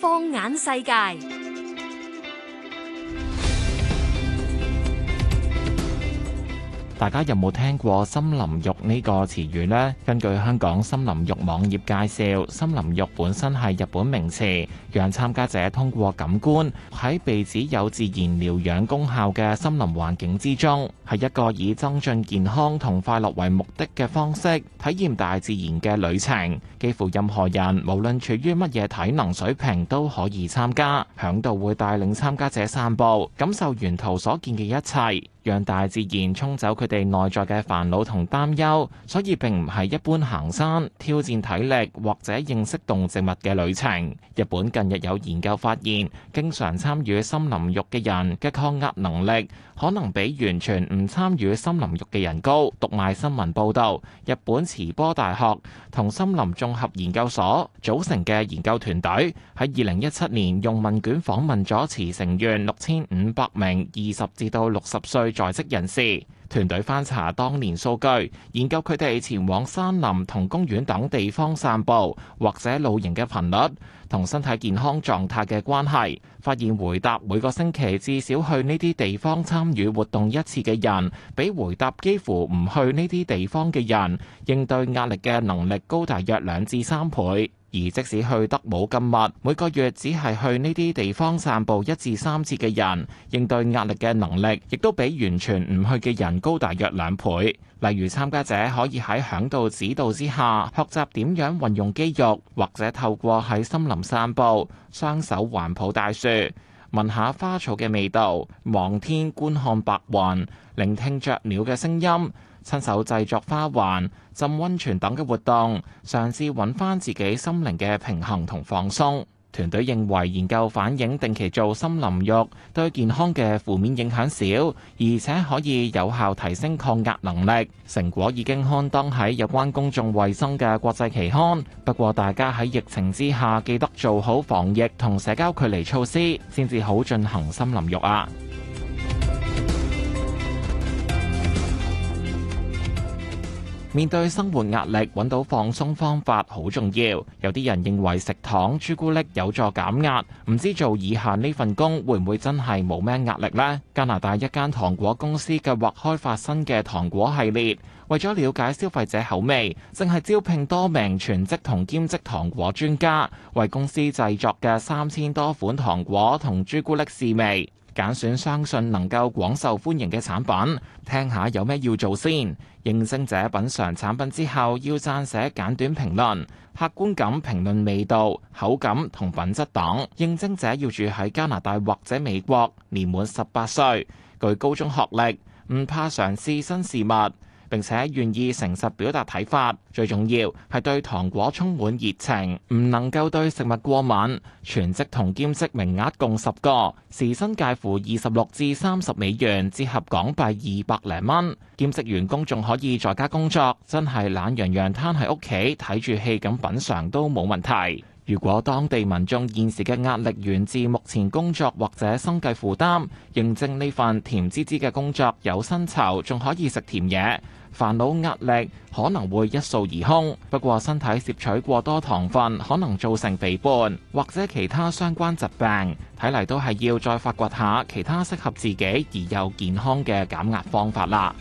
放眼世界。大家有冇聽過森林浴呢個詞語呢？根據香港森林浴網頁介紹，森林浴本身係日本名詞，讓參加者通過感官喺被指有自然療養功效嘅森林環境之中，係一個以增進健康同快樂為目的嘅方式，體驗大自然嘅旅程。幾乎任何人無論處於乜嘢體能水平都可以參加，響度會帶領參加者散步，感受沿途所見嘅一切。讓大自然沖走佢哋內在嘅煩惱同擔憂，所以並唔係一般行山、挑戰體力，或者認識動植物嘅旅程。日本近日有研究發現，經常參與森林浴嘅人嘅抗壓能力可能比完全唔參與森林浴嘅人高。讀賣新聞報道，日本慈波大學同森林綜合研究所組成嘅研究團隊喺二零一七年用問卷訪問咗茨城縣六千五百名二十至到六十歲在職人士團隊翻查當年數據，研究佢哋前往山林同公園等地方散步或者露營嘅頻率同身體健康狀態嘅關係，發現回答每個星期至少去呢啲地方參與活動一次嘅人，比回答幾乎唔去呢啲地方嘅人應對壓力嘅能力高大約兩至三倍。而即使去得冇咁密，每個月只係去呢啲地方散步一至三次嘅人，應對壓力嘅能力，亦都比完全唔去嘅人高大約兩倍。例如參加者可以喺嚮導指導之下，學習點樣運用肌肉，或者透過喺森林散步，雙手環抱大樹。聞下花草嘅味道，望天觀看白雲，聆聽雀鳥嘅聲音，親手製作花環、浸溫泉等嘅活動，嘗試揾返自己心靈嘅平衡同放鬆。團隊認為研究反映定期做森林浴對健康嘅負面影響少，而且可以有效提升抗壓能力。成果已經刊登喺有關公眾衞生嘅國際期刊。不過，大家喺疫情之下記得做好防疫同社交距離措施，先至好進行森林浴啊！面對生活壓力，搵到放鬆方法好重要。有啲人認為食糖、朱古力有助減壓，唔知做以下呢份工會唔會真係冇咩壓力呢？加拿大一間糖果公司計劃開發新嘅糖果系列，為咗了，了解消費者口味，正係招聘多名全職同兼職糖果專家，為公司製作嘅三千多款糖果同朱古力試味。揀選相信能夠廣受歡迎嘅產品，聽下有咩要做先。應徵者品嚐產品之後，要撰寫簡短評論，客觀咁評論味道、口感同品質等。應徵者要住喺加拿大或者美國，年滿十八歲，具高中學歷，唔怕嘗試新事物。並且願意誠實表達睇法，最重要係對糖果充滿熱情，唔能夠對食物過敏。全職同兼職名額共十個，時薪介乎二十六至三十美元，折合港幣二百零蚊。兼職員工仲可以在家工作，真係懶洋洋攤喺屋企睇住戲咁品嚐都冇問題。如果當地民眾現時嘅壓力源自目前工作或者生計負擔，應徵呢份甜滋滋嘅工作有薪酬，仲可以食甜嘢，煩惱壓力可能會一掃而空。不過，身體攝取過多糖分可能造成肥胖或者其他相關疾病，睇嚟都係要再發掘下其他適合自己而又健康嘅減壓方法啦。